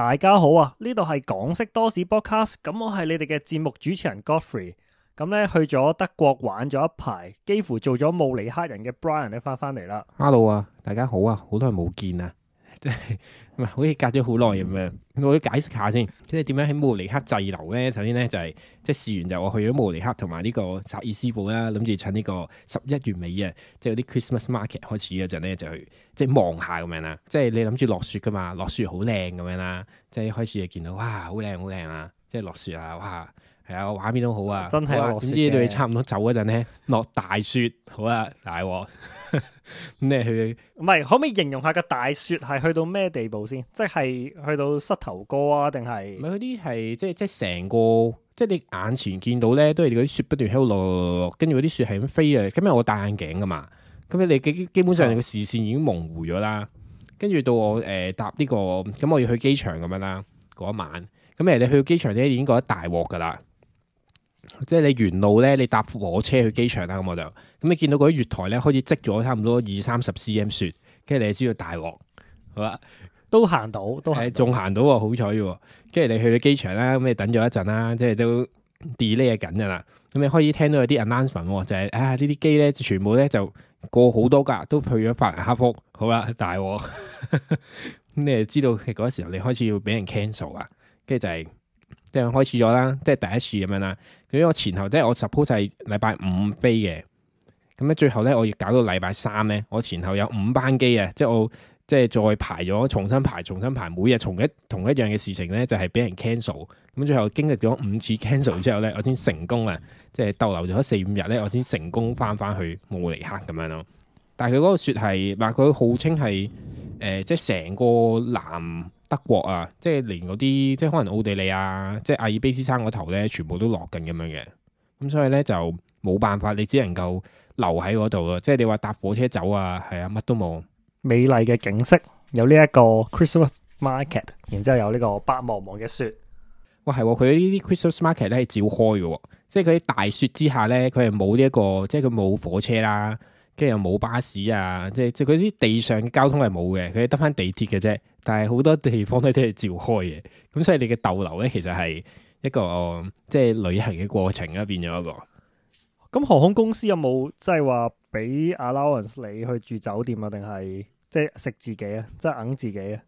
大家好啊！呢度係港識多史 Podcast，咁我係你哋嘅節目主持人 Godfrey，咁咧去咗德國玩咗一排，幾乎做咗慕尼黑人嘅 Brian 咧翻翻嚟啦。Hello 啊，大家好啊，好耐冇見啊！即係唔好似隔咗好耐咁樣，我解釋下先。即係點樣喺慕尼黑滯留咧？首先咧就係即係試完就我去咗慕尼黑同埋呢個薩爾斯堡啦，諗住趁呢個十一月尾啊，即係嗰啲 Christmas market 開始嗰陣咧就去即係望下咁樣啦。即係你諗住落雪噶嘛，落雪好靚咁樣啦。即係一開始就見到哇，好靚好靚啊！即係落雪啊，哇，係啊，畫面都好啊。真係，點知對你差唔多走嗰陣咧，落大雪，好啊，大鑊。 咁你去唔係可唔可以形容下個大雪係去到咩地步先？即係去到膝頭哥啊？定係唔係嗰啲係即係即係成個即係你眼前見到咧，都係嗰啲雪不斷喺度落，跟住嗰啲雪係咁飛啊。咁日我戴眼鏡噶嘛，咁你你基本上你個視線已經模糊咗啦。跟住到我誒、呃、搭呢、呢個咁我要去機場咁樣啦嗰一晚，咁誒你去到機場咧已經覺得大鑊噶啦。即係你沿路咧，你搭火車去機場啦，咁我就咁你見到嗰啲月台咧開始積咗差唔多二三十 CM 雪，跟住你就知道大鑊。好啦，都行到，都係仲行到，好彩嘅。跟住你去到機場啦，咁你等咗一陣啦，即係都 delay 緊噶啦。咁你開始聽到有啲 announcement，就係、是、啊呢啲機咧全部咧就過好多架都去咗法蘭克福，好啦，大鑊。咁 你就知道嗰時候你開始要俾人 cancel 啦，跟住就係、是。即係開始咗啦，即係第一次咁樣啦。咁我前後即係我 suppose 係禮拜五飛嘅，咁咧最後咧我要搞到禮拜三咧，我前後有五班機啊！即係我即係再排咗，重新排，重新排，每日從一同一樣嘅事情咧，就係、是、俾人 cancel。咁最後經歷咗五次 cancel 之後咧，我先成功啊！即係逗留咗四五日咧，我先成功翻翻去慕尼克咁樣咯。但係佢嗰個雪係，話佢號稱係誒、呃，即係成個南。德國啊，即係連嗰啲即係可能奧地利啊，即係阿爾卑斯山嗰頭咧，全部都落緊咁樣嘅，咁所以咧就冇辦法，你只能夠留喺嗰度啊。即係你話搭火車走啊，係啊，乜都冇。美麗嘅景色，有呢一個 Christmas Market，然之後有呢個白茫茫嘅雪。哇，係、哦，佢呢啲 Christmas Market 咧係照開嘅，即係佢大雪之下咧，佢係冇呢一個，即係佢冇火車啦。跟住又冇巴士啊！即係即係佢啲地上交通係冇嘅，佢得翻地鐵嘅啫。但係好多地方都都係照開嘅，咁所以你嘅逗留咧，其實係一個即係旅行嘅過程啦，變咗一個。咁、呃啊嗯、航空公司有冇即係話俾 allowance 你去住酒店啊？定係即係食自己啊？即係揞自己啊？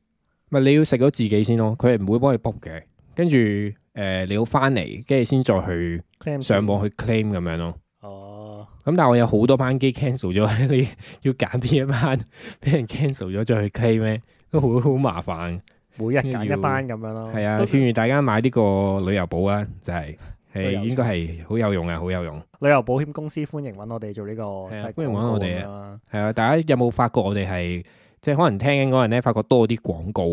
咪你要食咗自己先咯，佢係唔會幫你 book 嘅。跟住誒，你要翻嚟，跟住先再去上網去 claim 咁、嗯、樣咯。哦。咁但係我有好多班機 cancel 咗，你要揀邊一班俾人 cancel 咗再去 claim，都好好麻煩，每日揀一班咁樣咯。係啊，勸住大家買呢個旅遊保啊，就係係應該係好有用啊，好有用。旅遊保險公司歡迎搵我哋做呢個，係啊，歡迎搵我哋啊。係啊，大家有冇發覺我哋係即係可能聽緊人咧，發覺多啲廣告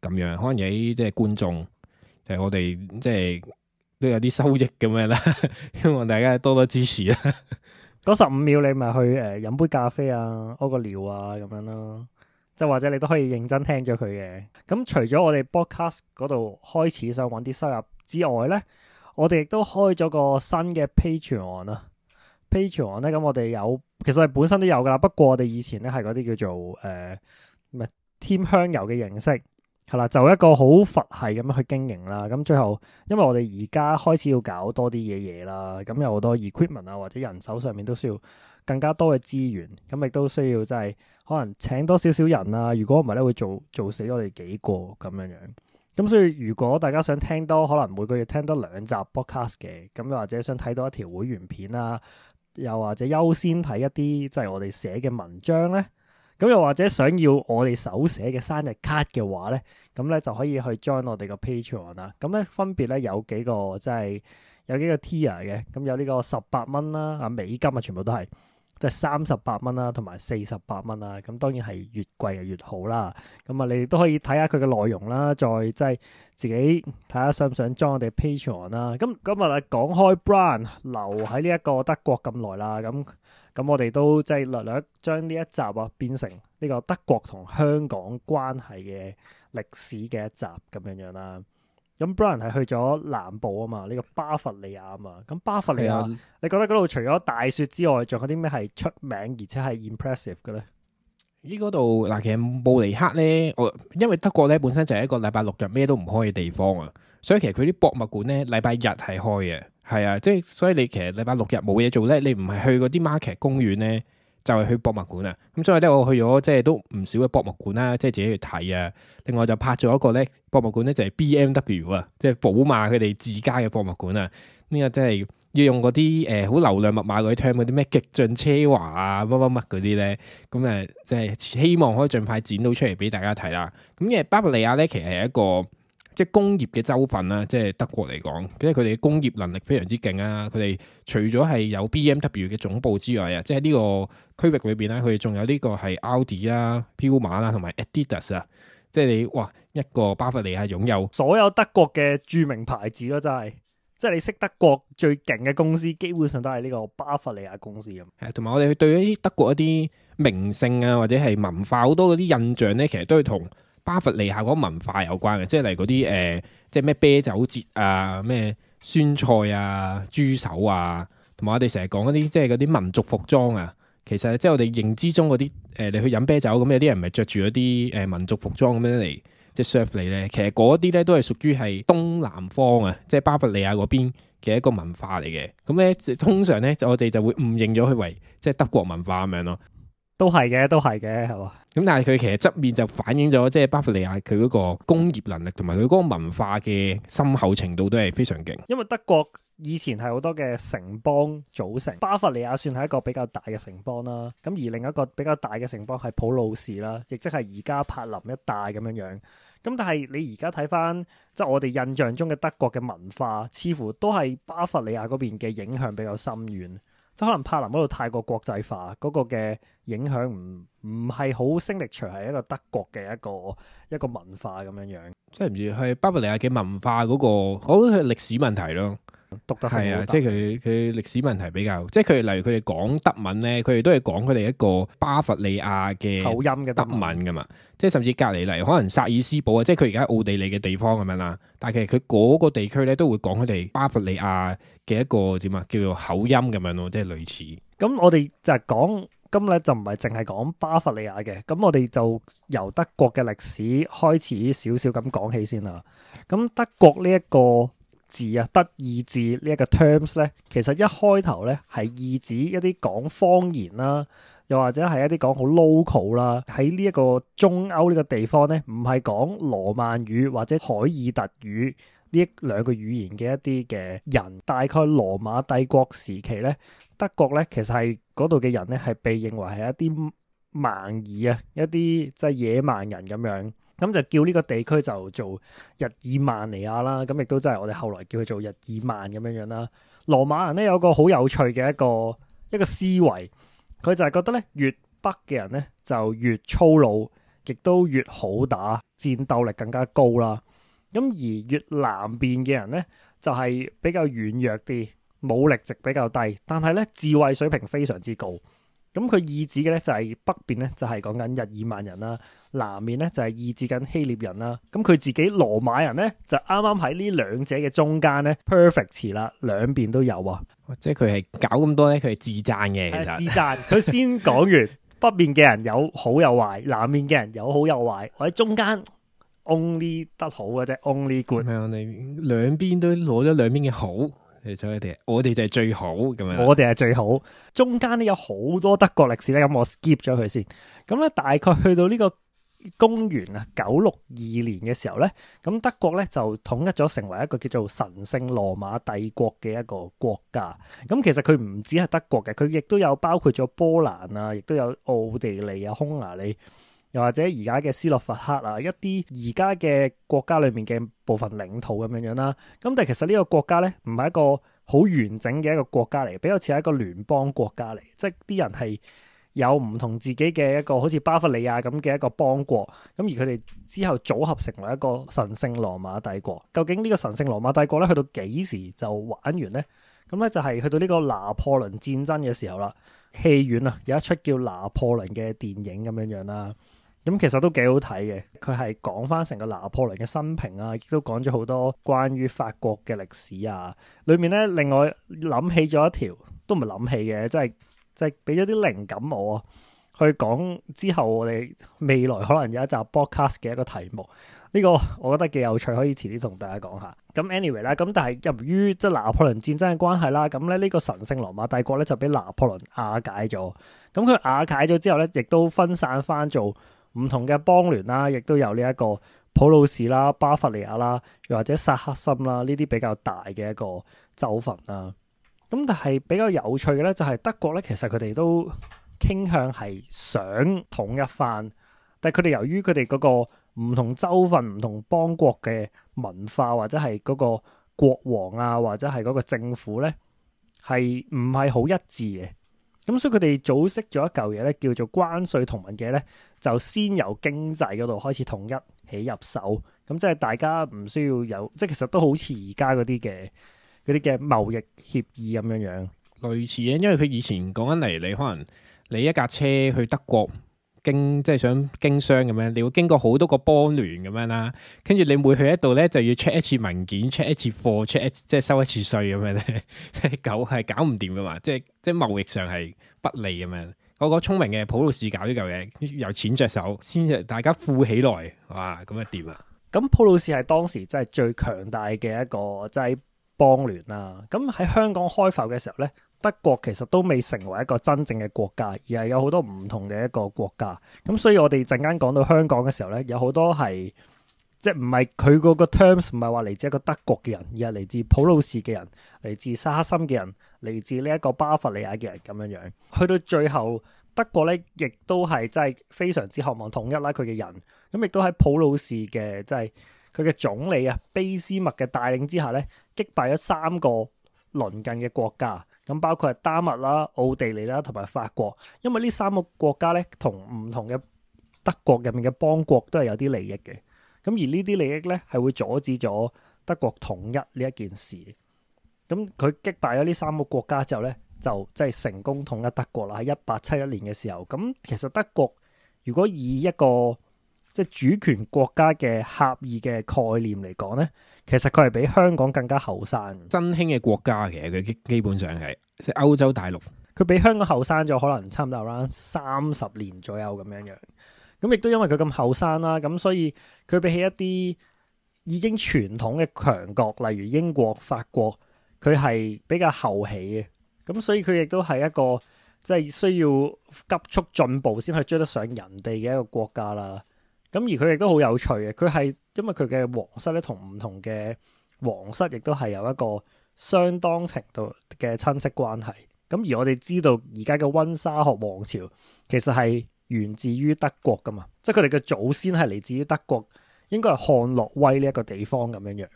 咁樣，可能有即係觀眾，就係我哋即係。都有啲收益咁樣啦，希望大家多多支持啦。嗰十五秒你咪去誒飲、呃、杯咖啡啊，屙個尿啊咁樣咯，即係或者你都可以認真聽咗佢嘅。咁除咗我哋 podcast 嗰度開始想搵啲收入之外咧，我哋亦都開咗個新嘅 Patreon 啊。Patreon 咧咁、嗯、我哋有，其實係本身都有噶，不過我哋以前咧係嗰啲叫做誒，唔、呃、添香油嘅形式。係啦、嗯，就是，一個好佛系咁樣去經營啦。咁最後，因為我哋而家開始要搞多啲嘢嘢啦，咁有好多 equipment 啊，或者人手上面都需要更加多嘅資源，咁亦都需要即係可能請多少少人啊。如果唔係咧，會做做死我哋幾個咁樣樣。咁、嗯、所以如果大家想聽多，可能每個月聽多兩集 Podcast 嘅，咁又或者想睇多一條會員片啊，又或者優先睇一啲即係我哋寫嘅文章咧。咁又或者想要我哋手寫嘅生日卡嘅話咧，咁咧就可以去 join 我哋個 Patreon 啦。咁咧分別咧有幾個，即係有幾個 tier 嘅，咁有呢個十八蚊啦，啊，美金啊，全部都係即係三十八蚊啦，同埋四十八蚊啦。咁當然係越貴嘅越好啦。咁啊，你亦都可以睇下佢嘅內容啦，再即係自己睇下想唔想 join 我哋 Patreon 啦。咁今日咧，講開 Brian 留喺呢一個德國咁耐啦，咁。咁我哋都即係略略將呢一集啊變成呢個德國同香港關係嘅歷史嘅一集咁樣樣啦。咁 Brian 係去咗南部啊嘛，呢個巴伐利亞啊嘛。咁巴伐利亞，實你覺得嗰度除咗大雪之外，仲有啲咩係出名而且係 impressive 嘅咧？咦，嗰度嗱，其實慕尼黑咧，我因為德國咧本身就係一個禮拜六日咩都唔開嘅地方啊，所以其實佢啲博物館咧禮拜日係開嘅。係啊，即係所以你其實禮拜六日冇嘢做咧，你唔係去嗰啲 market 公園咧，就係、是、去博物館啊。咁所以咧，我去咗即係都唔少嘅博物館啦，即係自己去睇啊。另外就拍咗一個咧博物館咧，就係 BMW 啊，即係寶馬佢哋自家嘅博物館啊。呢、這個真係要用嗰啲誒好流量密碼去聽嗰啲咩極盡奢華啊乜乜乜嗰啲咧，咁誒即係希望可以盡快展到出嚟俾大家睇啦、啊。咁其實巴伐利亞咧其實係一個。即係工業嘅州份啦，即係德國嚟講，即係佢哋嘅工業能力非常之勁啊！佢哋除咗係有 BMW 嘅總部之外啊，即係呢個區域裏邊咧，佢哋仲有呢個係 Audi 啊、Puma 啦、同埋 Adidas 啊。即係你哇，一個巴伐利亞擁有所有德國嘅著名牌子咯，真係！即係你識德國最勁嘅公司，基本上都係呢個巴伐利亞公司咁。係同埋我哋去對於德國一啲名勝啊，或者係文化好多嗰啲印象咧，其實都係同。巴伐利亞嗰個文化有關嘅，即係嚟嗰啲誒，即係咩啤酒節啊、咩酸菜啊、豬手啊，同埋我哋成日講嗰啲，即係嗰啲民族服裝啊。其實即係我哋認知中嗰啲誒，你去飲啤酒咁，有啲人咪着住嗰啲誒民族服裝咁樣嚟即係 serve 你咧。其實嗰啲咧都係屬於係東南方啊，即係巴伐利亞嗰邊嘅一個文化嚟嘅。咁咧通常咧，就我哋就會誤認咗佢為即係德國文化咁樣咯、啊。都係嘅，都係嘅，係嘛？咁但係佢其實側面就反映咗，即係巴伐利亞佢嗰個工業能力同埋佢嗰個文化嘅深厚程度都係非常勁。因為德國以前係好多嘅城邦組成，巴伐利亞算係一個比較大嘅城邦啦。咁而另一個比較大嘅城邦係普魯士啦，亦即係而家柏林一帶咁樣樣。咁但係你而家睇翻，即係我哋印象中嘅德國嘅文化，似乎都係巴伐利亞嗰邊嘅影響比較深遠。即可能柏林嗰度太過國際化，嗰個嘅影響唔唔係好生力長，係一個德國嘅一個一個文化咁樣樣，即係唔知係巴伐利亞嘅文化嗰個，我覺得係歷史問題咯。讀得係啊，即係佢佢歷史問題比較，即係佢例如佢哋講德文咧，佢哋都係講佢哋一個巴伐利亞嘅口音嘅德文噶嘛，即係甚至隔籬嚟可能薩爾斯堡啊，即係佢而家奧地利嘅地方咁樣啦。但係其實佢嗰個地區咧都會講佢哋巴伐利亞嘅一個點啊，叫做口音咁樣咯，即係類似。咁我哋就係講，今日就唔係淨係講巴伐利亞嘅，咁我哋就由德國嘅歷史開始少少咁講起先啦。咁德國呢、這、一個。字啊，德意志呢一個 terms 咧，其實一開頭咧係意指一啲講方言啦，又或者係一啲講好 local 啦，喺呢一個中歐呢個地方咧，唔係講羅曼語或者凱爾特語呢兩個語言嘅一啲嘅人，大概羅馬帝國時期咧，德國咧其實係嗰度嘅人咧係被認為係一啲蠻夷啊，一啲即係野蠻人咁樣。咁就叫呢個地區就做日耳曼尼亞啦，咁亦都真係我哋後來叫佢做日耳曼咁樣樣啦。羅馬人咧有個好有趣嘅一個一個思維，佢就係覺得咧越北嘅人咧就越粗魯，亦都越好打，戰鬥力更加高啦。咁而越南邊嘅人咧就係比較軟弱啲，武力值比較低，但係咧智慧水平非常之高。咁佢意指嘅咧就係、是、北邊咧就係、是、講緊日耳曼人啦，南面咧就係、是、意指緊希臘人啦。咁佢自己羅馬人咧就啱啱喺呢兩者嘅中間咧 perfect 詞啦，兩邊都有啊。或者佢係搞咁多咧，佢係自讚嘅。其實自讚，佢先講完 北面嘅人有好有壞，南面嘅人有好有壞，我喺中間 only 得好嘅啫，only good。係啊，你兩邊都攞咗兩邊嘅好。你做一啲，我哋就係最好咁樣。我哋係最好，中間咧有好多德國歷史咧，咁我 skip 咗佢先。咁咧大概去到呢個公元啊九六二年嘅時候咧，咁德國咧就統一咗成為一個叫做神聖羅馬帝國嘅一個國家。咁其實佢唔止係德國嘅，佢亦都有包括咗波蘭啊，亦都有奧地利啊、匈牙利。又或者而家嘅斯洛伐克啊，一啲而家嘅國家裏面嘅部分領土咁樣樣啦。咁但係其實呢個國家咧唔係一個好完整嘅一個國家嚟，比較似係一個聯邦國家嚟，即係啲人係有唔同自己嘅一個好似巴伐利亞咁嘅一個邦國咁。而佢哋之後組合成為一個神聖羅馬帝國。究竟呢個神聖羅馬帝國咧去到幾時就玩完咧？咁咧就係去到呢個拿破崙戰爭嘅時候啦。戲院啊，有一出叫《拿破崙》嘅電影咁樣樣啦。咁其實都幾好睇嘅，佢係講翻成個拿破崙嘅生平啊，亦都講咗好多關於法國嘅歷史啊。裏面咧，另外諗起咗一條都唔係諗起嘅，即係即係俾咗啲靈感我啊。去講之後，我哋未來可能有一集 podcast 嘅一個題目。呢個我覺得幾有趣，可以遲啲同大家講下。咁 anyway 啦，咁但係由於即係拿破崙戰爭嘅關係啦，咁咧呢個神聖羅馬帝國咧就俾拿破崙瓦解咗。咁佢瓦解咗之後咧，亦都分散翻做。唔同嘅邦聯啦、啊，亦都有呢一個普魯士啦、巴伐利亞啦，又或者薩克森啦，呢啲比較大嘅一個州份啊。咁但係比較有趣嘅咧，就係德國咧，其實佢哋都傾向係想統一返，但係佢哋由於佢哋嗰個唔同州份、唔同邦國嘅文化或者係嗰個國王啊，或者係嗰個政府咧，係唔係好一致嘅。咁所以佢哋組織咗一嚿嘢咧，叫做關稅同盟嘅咧，就先由經濟嗰度開始統一起入手。咁即係大家唔需要有，即係其實都好似而家嗰啲嘅嗰啲嘅貿易協議咁樣樣。類似嘅，因為佢以前講緊嚟，你可能你一架車去德國。經即係想經商咁樣，你會經過好多個邦聯咁樣啦，跟住你每去一度咧，就要 check 一次文件，check 一次貨，check 即係收一次稅咁樣咧，狗舊係搞唔掂噶嘛，即係即係貿易上係不利咁樣。我個個聰明嘅普魯士搞呢舊嘢，由錢着手，先大家富起來，哇，咁啊掂啊！咁普魯士係當時真係最強大嘅一個即係邦聯啦。咁喺香港開埠嘅時候咧，德國其實都未成為一個真正嘅國家，而係有好多唔同嘅一個國家。咁所以，我哋陣間講到香港嘅時候咧，有好多係即係唔係佢嗰個 terms，唔係話嚟自一個德國嘅人，而係嚟自普魯士嘅人，嚟自沙克森嘅人，嚟自呢一個巴伐利亞嘅人咁樣樣。去到最後，德國咧亦都係真係非常之渴望統一啦。佢嘅人咁亦都喺普魯士嘅即係佢嘅總理啊，卑斯麥嘅帶領之下咧，擊敗咗三個鄰近嘅國家。咁包括係丹麥啦、奧地利啦同埋法國，因為呢三個國家咧，同唔同嘅德國入面嘅邦國都係有啲利益嘅。咁而呢啲利益咧，係會阻止咗德國統一呢一件事。咁佢擊敗咗呢三個國家之後咧，就即係成功統一德國啦。喺一八七一年嘅時候，咁其實德國如果以一個即係主權國家嘅狹義嘅概念嚟講咧，其實佢係比香港更加後生新興嘅國家。其實佢基基本上係即係歐洲大陸，佢比香港後生咗，可能差唔多啦三十年左右咁樣樣。咁亦都因為佢咁後生啦，咁所以佢比起一啲已經傳統嘅強國，例如英國、法國，佢係比較後起嘅。咁所以佢亦都係一個即係需要急速進步先可以追得上人哋嘅一個國家啦。咁而佢亦都好有趣嘅，佢係因為佢嘅皇室咧同唔同嘅皇室亦都係有一個相當程度嘅親戚關係。咁而我哋知道而家嘅溫莎學王朝其實係源自於德國噶嘛，即係佢哋嘅祖先係嚟自於德國，應該係漢諾威呢一個地方咁樣樣。咁、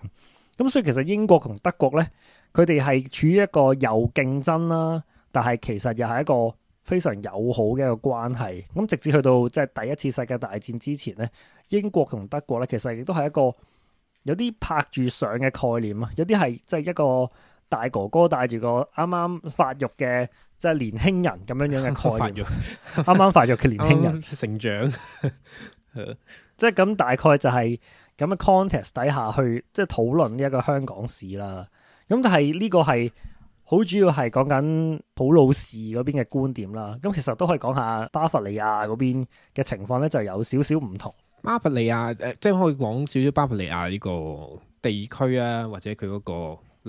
嗯、所以其實英國同德國咧，佢哋係處於一個有競爭啦，但係其實又係一個。非常友好嘅一個關係，咁直至去到即係第一次世界大戰之前咧，英國同德國咧，其實亦都係一個有啲拍住上嘅概念啊，有啲係即係一個大哥哥帶住個啱啱發育嘅即係年輕人咁樣樣嘅概念，啱啱 發育嘅 年輕人 剛剛成長，即係咁大概就係咁嘅 context 底下去即係討論呢一個香港史啦。咁但係呢個係。好主要係講緊普魯士嗰邊嘅觀點啦，咁其實都可以講下巴伐利亞嗰邊嘅情況咧，就有少少唔同。巴伐利亞誒、呃，即係可以講少少巴伐利亞呢個地區啊，或者佢嗰個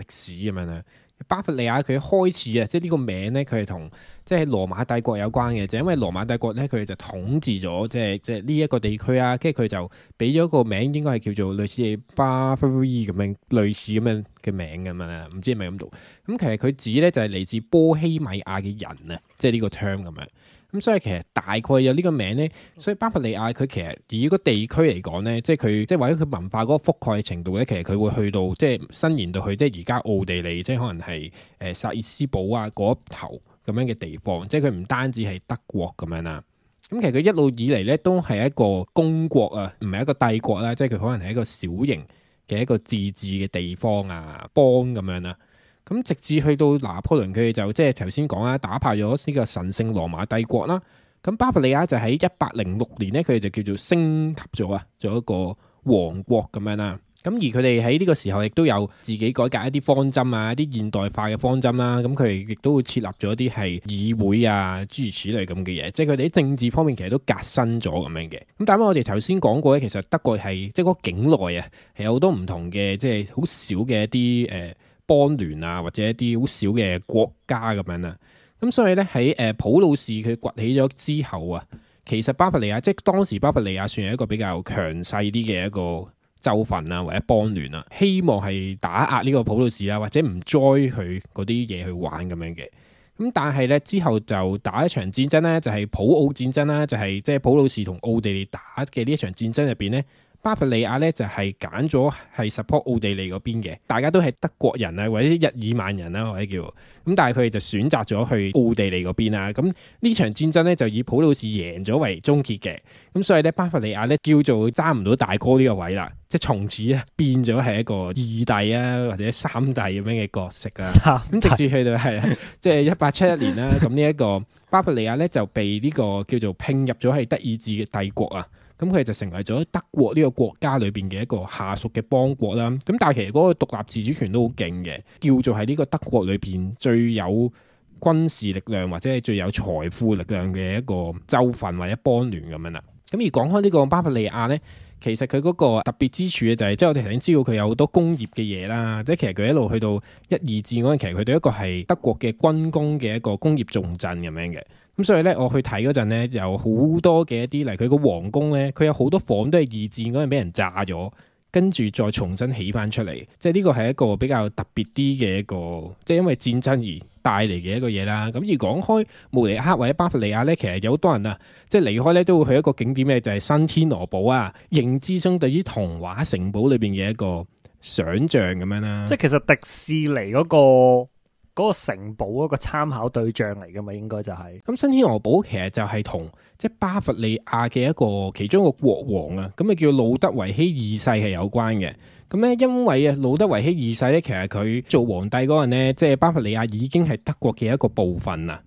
歷史咁樣咧。巴伐利亞佢開始啊，即係呢個名咧，佢係同即係羅馬帝國有關嘅，就因為羅馬帝國咧，佢就統治咗即係即係呢一個地區啊，跟住佢就俾咗個名，應該係叫做類似巴伐利咁樣，類似咁樣嘅名咁啊，唔知係咪咁讀？咁、嗯、其實佢指咧就係、是、嚟自波希米亞嘅人啊，即係呢個 term 咁樣。咁、嗯、所以其實大概有呢個名咧，嗯、所以巴伐利亞佢其實以個地區嚟講咧，即係佢即係為咗佢文化嗰個覆蓋程度咧，其實佢會去到即係伸延到去即係而家奧地利，即係可能係誒、呃、薩爾斯堡啊嗰頭咁樣嘅地方，即係佢唔單止係德國咁樣啦。咁、嗯、其實佢一路以嚟咧都係一個公國啊，唔係一個帝國啦、啊，即係佢可能係一個小型嘅一個自治嘅地方啊邦咁樣啦。咁直至去到拿破崙，佢哋就即係頭先講啦，打敗咗呢個神聖羅馬帝國啦。咁巴伐利亞就喺一八零六年呢，佢哋就叫做升級咗啊，做一個王國咁樣啦。咁而佢哋喺呢個時候亦都有自己改革一啲方針啊，一啲現代化嘅方針啦。咁佢哋亦都會設立咗一啲係議會啊，諸如此類咁嘅嘢。即係佢哋喺政治方面其實都革新咗咁樣嘅。咁但係我哋頭先講過咧，其實德國係即係個境內啊，係有好多唔同嘅，即係好少嘅一啲誒。呃邦聯啊，或者一啲好少嘅國家咁樣啊，咁所以呢，喺誒普魯士佢崛起咗之後啊，其實巴伐利亞即係當時巴伐利亞算係一個比較強勢啲嘅一個州份啊，或者邦聯啊，希望係打壓呢個普魯士啊，或者唔 join 佢嗰啲嘢去玩咁樣嘅。咁但係呢，之後就打一場戰爭呢，就係普奧戰爭啦，就係即係普魯士同奧地利打嘅呢一場戰爭入邊呢。巴伐利亞咧就係揀咗係 support 奧地利嗰邊嘅，大家都係德國人啊，或者日耳曼人啦，或者叫咁，但係佢哋就選擇咗去奧地利嗰邊啦。咁呢場戰爭咧就以普魯士贏咗為終結嘅，咁所以咧巴伐利亞咧叫做爭唔到大哥呢個位啦，即係從此變咗係一個二弟啊，或者三弟咁樣嘅角色啊。咁直至去到係即係一八七一年啦，咁呢一個巴伐利亞咧就被呢個叫做併入咗係德意志嘅帝國啊。咁佢就成為咗德國呢個國家裏邊嘅一個下屬嘅邦國啦。咁但係其實嗰個獨立自主權都好勁嘅，叫做係呢個德國裏邊最有軍事力量或者係最有財富力量嘅一個州份或者邦聯咁樣啦。咁而講開呢個巴伐利亞呢，其實佢嗰個特別之處嘅就係、是，即係我哋頭先知道佢有好多工業嘅嘢啦，即係其實佢一路去到一二戰嗰陣，其實佢都一個係德國嘅軍工嘅一個工業重鎮咁樣嘅。咁所以咧，我去睇嗰陣咧，有好多嘅一啲例如，佢個皇宮咧，佢有好多房都係二戰嗰陣俾人炸咗，跟住再重新起翻出嚟。即係呢個係一個比較特別啲嘅一個，即係因為戰爭而帶嚟嘅一個嘢啦。咁而講開，慕尼黑或者巴伐利亞咧，其實有好多人啊，即係離開咧都會去一個景點咩，就係新天鵝堡啊，認知中對於童話城堡裏邊嘅一個想象咁樣啦。即係其實迪士尼嗰個。嗰個城堡嗰個參考對象嚟嘅嘛，應該就係。咁新天鵝堡其實就係同即係巴伐利亞嘅一個其中一個國王啊，咁啊叫路德維希二世係有關嘅。咁咧，因為啊路德維希二世咧，其實佢做皇帝嗰陣咧，即係巴伐利亞已經係德國嘅一個部分啦。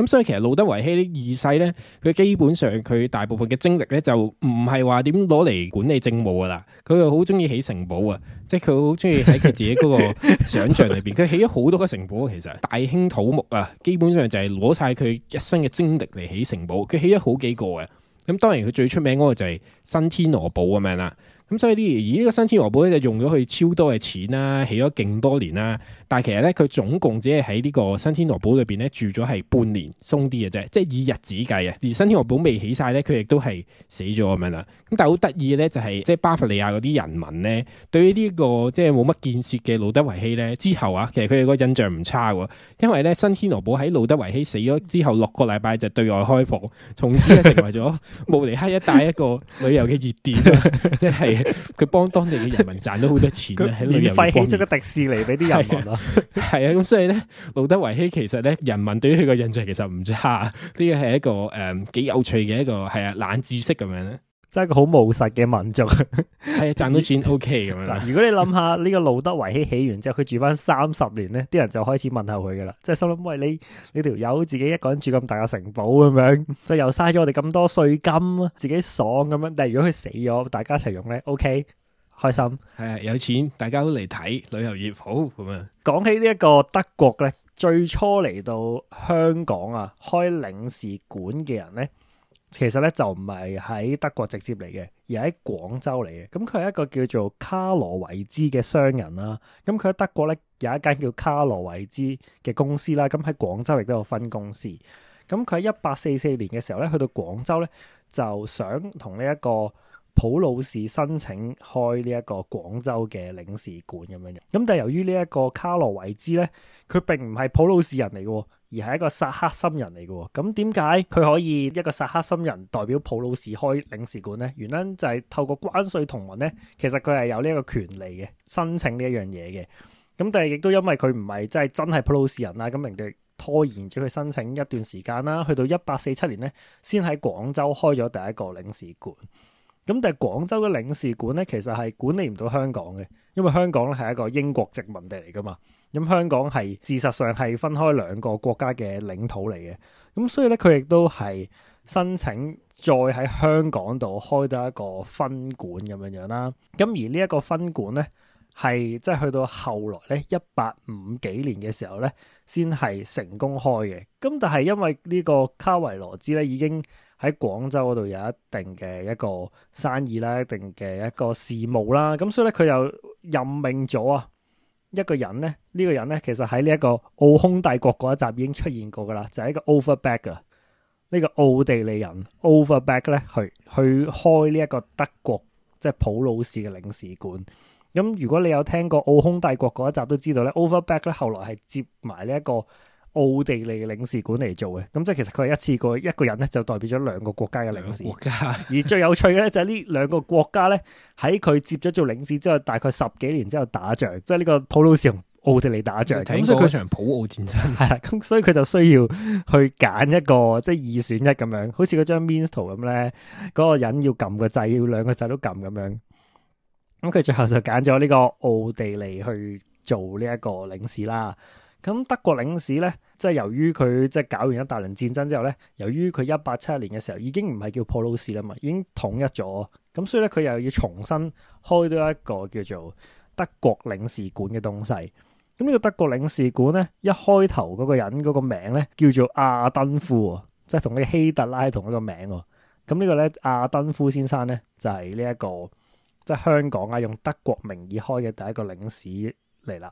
咁、嗯、所以其實路德維希呢二世咧，佢基本上佢大部分嘅精力咧就唔係話點攞嚟管理政務噶啦，佢又好中意起城堡啊，即係佢好中意喺佢自己嗰個想象裏邊，佢起咗好多個城堡，其實大興土木啊，基本上就係攞晒佢一生嘅精力嚟起城堡，佢起咗好幾個嘅。咁、嗯、當然佢最出名嗰個就係新天鵝堡咁樣啦。咁所以啲而呢個新天鵝堡咧就用咗佢超多嘅錢啦，起咗勁多年啦。但係其實咧，佢總共只係喺呢個新天鵝堡裏邊咧住咗係半年，鬆啲嘅啫，即係以日子計啊。而新天鵝堡未起晒咧，佢亦都係死咗咁樣啦。咁但係好得意咧，就係即係巴伐利亞嗰啲人民咧，對於呢、呢個即係冇乜建設嘅路德維希咧，之後啊，其實佢哋個印象唔差喎，因為咧新天鵝堡喺路德維希死咗之後六個禮拜就對外開放，從此咧成為咗慕尼黑一帶一個旅遊嘅熱點，即係佢幫當地嘅人民賺到好多錢咧喺旅遊方面。免費起咗個迪士尼俾啲人， 人民 係 啊，咁所以咧，路德維希其實咧，人民對於佢個印象其實唔差，呢個係一個誒幾、呃、有趣嘅一個係啊冷知識咁樣，即係一個好務實嘅民族，係啊賺到錢 OK 咁樣。如果你諗下呢個路德維希起完之後，佢住翻三十年咧，啲人就開始問候佢噶啦，即係心諗喂，你你條友自己一個人住咁大個城堡咁樣，就又嘥咗我哋咁多稅金，自己爽咁樣。但係如果佢死咗，大家一齊用咧 OK。開心，係啊，有錢，大家都嚟睇旅遊業好咁樣。講起呢一個德國咧，最初嚟到香港啊，開領事館嘅人咧，其實咧就唔係喺德國直接嚟嘅，而喺廣州嚟嘅。咁佢係一個叫做卡羅維茲嘅商人啦。咁佢喺德國咧有一間叫卡羅維茲嘅公司啦。咁喺廣州亦都有分公司。咁佢喺一八四四年嘅時候咧，去到廣州咧，就想同呢一個。普魯士申請開呢一個廣州嘅領事館咁樣樣，咁但係由於呢一個卡洛維茲咧，佢並唔係普魯士人嚟嘅，而係一個薩克森人嚟嘅。咁點解佢可以一個薩克森人代表普魯士開領事館咧？原因就係透過關稅同盟咧，其實佢係有呢個權利嘅，申請呢一樣嘢嘅。咁但係亦都因為佢唔係即係真係普魯士人啦，咁令佢拖延咗佢申請一段時間啦，去到一八四七年咧，先喺廣州開咗第一個領事館。咁但係廣州嘅領事館咧，其實係管理唔到香港嘅，因為香港咧係一個英國殖民地嚟噶嘛。咁、嗯、香港係事實上係分開兩個國家嘅領土嚟嘅。咁、嗯、所以咧，佢亦都係申請再喺香港度開得一個分館咁樣樣啦。咁、嗯、而呢一個分館咧，係即係去到後來咧，一八五幾年嘅時候咧，先係成功開嘅。咁、嗯、但係因為呢個卡維羅茲咧已經喺廣州嗰度有一定嘅一個生意啦，一定嘅一個事務啦，咁所以咧，佢又任命咗啊一個人咧，呢個人咧，其實喺呢一個奧匈帝國嗰一集已經出現過噶啦，就係一個 Overbeck 啊。呢個奧地利人 Overbeck 咧去去開呢一個德國即係普魯士嘅領事館。咁如果你有聽過奧匈帝國嗰一集都知道咧 Overbeck 咧後來係接埋呢一個奧地利領事館嚟做嘅，咁即係其實佢係一次過一個人咧就代表咗兩個國家嘅領事。國家。 而最有趣嘅咧就係呢兩個國家咧喺佢接咗做領事之後，大概十幾年之後打仗，即係呢個普魯士同奧地利打仗。咁所以佢場普奧戰爭係啊，咁 所以佢就需要去揀一個即係、就是、二選一咁樣，好似嗰張 meme 圖咁咧，嗰、嗰個人要撳個掣，要兩個掣都撳咁樣。咁佢最後就揀咗呢個奧地利去做呢一個領事啦。咁德國領事咧，即係由於佢即係搞完一大輪戰爭之後咧，由於佢一八七一年嘅時候已經唔係叫普魯士啦嘛，已經統一咗，咁所以咧佢又要重新開多一個叫做德國領事館嘅東西。咁、這、呢個德國領事館咧，一開頭嗰個人嗰個名咧叫做亞登夫，即係同個希特拉同一個名。咁、這個、呢個咧亞登夫先生咧就係呢一個即係、就是、香港啊用德國名義開嘅第一個領事嚟啦。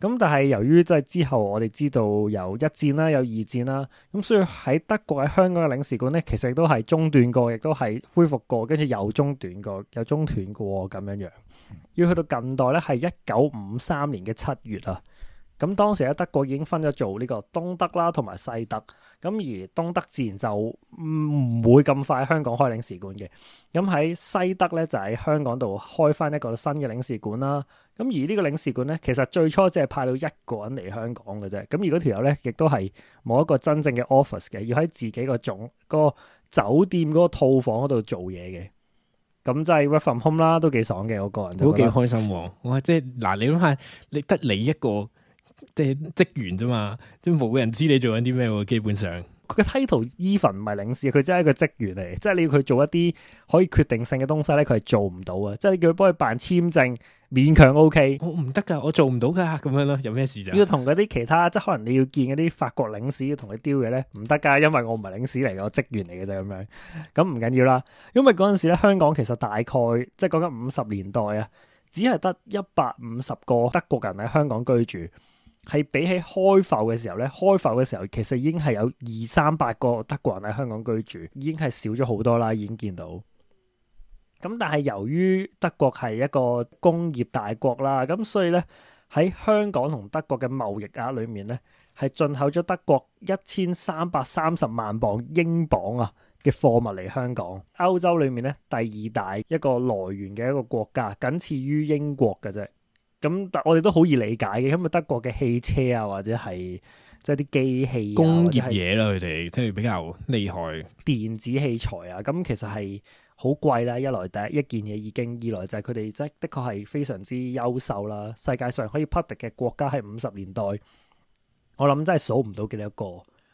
咁但係由於即係之後，我哋知道有一戰啦，有二戰啦，咁、嗯、所以喺德國喺香港嘅領事館咧，其實都係中斷過，亦都係恢復過，跟住又中斷過，又中斷過咁樣樣。要去到近代咧，係一九五三年嘅七月啊。咁當時喺德國已經分咗做呢個東德啦，同埋西德。咁而東德自然就唔會咁快喺香港開領事館嘅。咁喺西德咧，就喺香港度開翻一個新嘅領事館啦。咁而呢個領事館咧，其實最初只係派到一個人嚟香港嘅啫。咁而嗰條友咧，亦都係冇一個真正嘅 office 嘅，要喺自己個總個酒店嗰個套房嗰度做嘢嘅。咁即係 reform home 啦，都幾爽嘅。我個人都幾開心喎。我即係嗱，你諗下，你得你一個。即係職員啫嘛，即冇人知你做緊啲咩喎。基本上佢個 title even 唔係領事，佢真係一個職員嚟。即係你要佢做一啲可以決定性嘅東西咧，佢係做唔到啊。即係你叫佢幫佢辦簽證，勉強 OK。我唔得噶，我做唔到噶咁樣咯。有咩事就要同嗰啲其他，即係可能你要見嗰啲法國領事，要同佢 deal 嘅咧，唔得噶，因為我唔係領事嚟，我職員嚟嘅啫。咁樣咁唔緊要啦，因為嗰陣時咧，香港其實大概即係講緊五十年代啊，只係得一百五十個德國人喺香港居住。係比起開埠嘅時候咧，開埠嘅時候其實已經係有二三百個德國人喺香港居住，已經係少咗好多啦，已經見到。咁但係由於德國係一個工業大國啦，咁所以咧喺香港同德國嘅貿易額、啊、裏面咧，係進口咗德國一千三百三十萬磅英鎊啊嘅貨物嚟香港。歐洲裏面咧第二大一個來源嘅一個國家，僅次於英國嘅啫。咁但我哋都好易理解嘅，因為德國嘅汽車啊，或者係即係啲機器工業嘢啦，佢哋即係比較厲害，電子器材啊，咁其實係好貴啦。一來第一，一件嘢已經，二來就係佢哋即係的確係非常之優秀啦。世界上可以匹敵嘅國家係五十年代，我諗真係數唔到幾多個。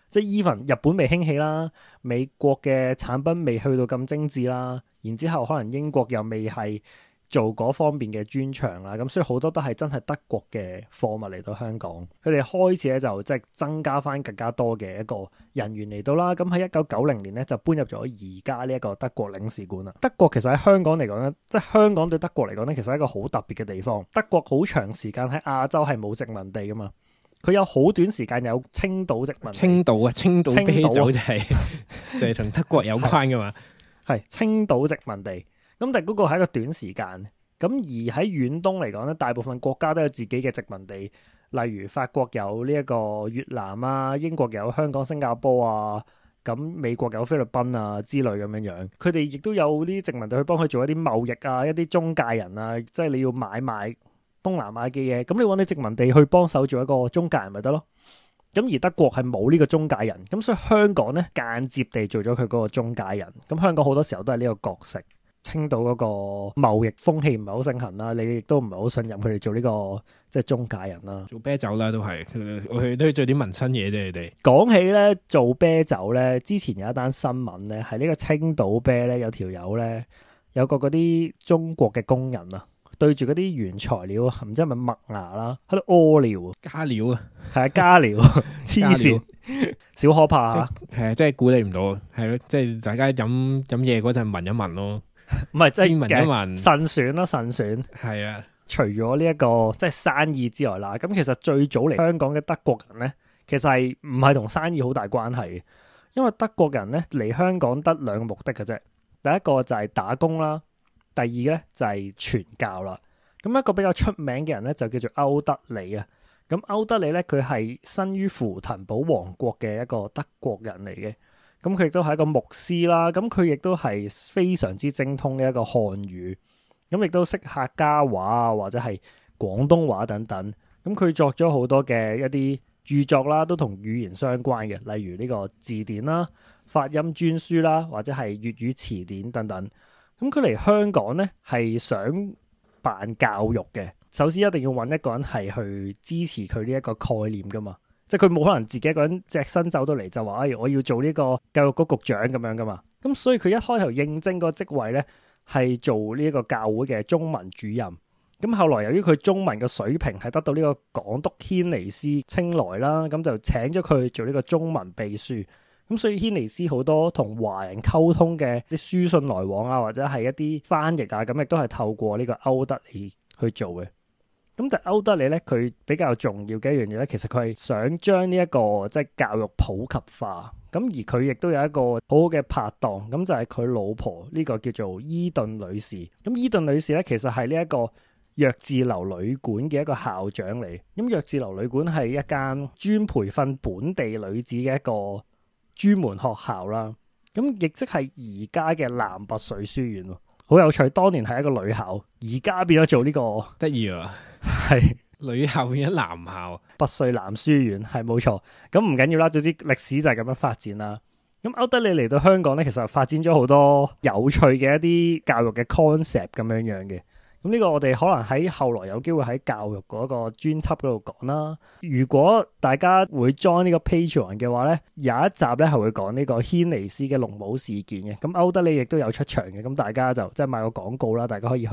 即係 even 日本未興起啦，美國嘅產品未去到咁精緻啦，然之後可能英國又未係。做嗰方面嘅專長啦，咁所以好多都係真係德國嘅貨物嚟到香港。佢哋開始咧就即係增加翻更加多嘅一個人員嚟到啦。咁喺一九九零年咧就搬入咗而家呢一個德國領事館啦。德國其實喺香港嚟講咧，即係香港對德國嚟講咧，其實係一個好特別嘅地方。德國好長時間喺亞洲係冇殖民地噶嘛，佢有好短時間有青島殖民地。青島啊，青島，青島啤酒係就係同德國有關噶嘛？係 青島殖民地。咁但係嗰個係一個短時間，咁而喺遠東嚟講咧，大部分國家都有自己嘅殖民地，例如法國有呢一個越南啊，英國有香港、新加坡啊，咁美國有菲律賓啊之類咁樣樣，佢哋亦都有啲殖民地去幫佢做一啲貿易啊，一啲中介人啊，即係你要買賣東南亞嘅嘢，咁你搵啲殖民地去幫手做一個中介人咪得咯。咁而德國係冇呢個中介人，咁所以香港咧間接地做咗佢嗰個中介人，咁香港好多時候都係呢個角色。青島嗰個貿易風氣唔係好盛行啦，你亦都唔係好信任佢哋做呢、這個即係中介人啦、啊，做啤酒啦都係，我哋都係做啲民生嘢啫。你哋講起咧做啤酒咧，之前有一單新聞咧，係呢個青島啤咧有條友咧，有，呢有個嗰啲中國嘅工人啊，對住嗰啲原材料，唔知係咪麥芽啦、啊，喺度屙尿，加料啊，係啊 加料，黐線，小可怕啊，係即係管理唔到，係、呃、咯，即係、呃、大家飲飲嘢嗰陣聞一聞咯。唔係，即係剩選啦，剩選係啊。的除咗呢一個即係生意之外啦，咁其實最早嚟香港嘅德國人咧，其實係唔係同生意好大關係嘅。因為德國人咧嚟香港得兩個目的嘅啫，第一個就係打工啦，第二咧就係傳教啦。咁一個比較出名嘅人咧就叫做歐德里啊。咁歐德里咧佢係生於符騰堡王國嘅一個德國人嚟嘅。咁佢亦都係一個牧師啦，咁佢亦都係非常之精通嘅一個漢語，咁亦都識客家話啊，或者係廣東話等等。咁佢作咗好多嘅一啲著作啦，都同語言相關嘅，例如呢個字典啦、發音專書啦，或者係粵語詞典等等。咁佢嚟香港呢，係想辦教育嘅，首先一定要揾一個人係去支持佢呢一個概念㗎嘛。即係佢冇可能自己一個人隻身走到嚟就話，我要做呢個教育局局長咁樣噶嘛。咁所以佢一開頭應徵個職位咧，係做呢一個教會嘅中文主任。咁後來由於佢中文嘅水平係得到呢個港督軒尼詩青睞啦，咁就請咗佢做呢個中文秘書。咁所以軒尼詩好多同華人溝通嘅啲書信來往啊，或者係一啲翻譯啊，咁亦都係透過呢個歐德理去做嘅。咁但係歐德里咧，佢比較重要嘅一樣嘢咧，其實佢係想將呢一個即係教育普及化。咁而佢亦都有一個好好嘅拍檔，咁就係、是、佢老婆呢、呢個叫做伊頓女士。咁伊頓女士咧，其實係呢一個弱智樓女館嘅一個校長嚟。咁弱智樓女館係一間專培訓本地女子嘅一個專門學校啦。咁亦即係而家嘅南白水書院。好有趣，當年係一個女校，而家變咗做呢個得意啊，係 女校變咗男校，拔萃男書院，係冇錯。咁唔緊要啦，總之歷史就係咁樣發展啦。咁歐德利嚟到香港咧，其實發展咗好多有趣嘅一啲教育嘅 concept 咁樣樣嘅。咁呢個我哋可能喺後來有機會喺教育嗰個專輯嗰度講啦。如果大家會 join 呢個 Patreon 嘅話，呢有一集呢係會講呢個軒尼詩嘅農暴事件嘅。咁歐德里亦都有出場嘅。咁大家就即係賣個廣告啦，大家可以去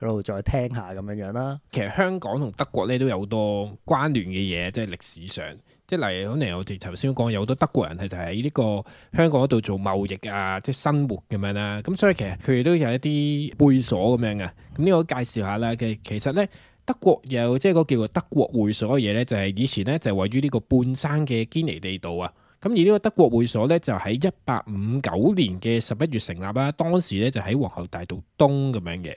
嗰度再聽下咁樣樣啦。其實香港同德國呢都有好多關聯嘅嘢，即係歷史上。即係例如，可能我哋頭先講有好多德國人係就喺呢個香港嗰度做貿易啊，即係生活咁樣啦。咁所以其實佢哋都有一啲會所咁樣嘅。咁呢個介紹下啦。其實其實咧德國有即係嗰個叫做德國會所嘅嘢咧，就係以前咧就係位於呢個半山嘅堅尼地道啊。咁而呢個德國會所咧就喺一八五九年嘅十一月成立啦。當時咧就喺、是、皇后大道東咁樣嘅。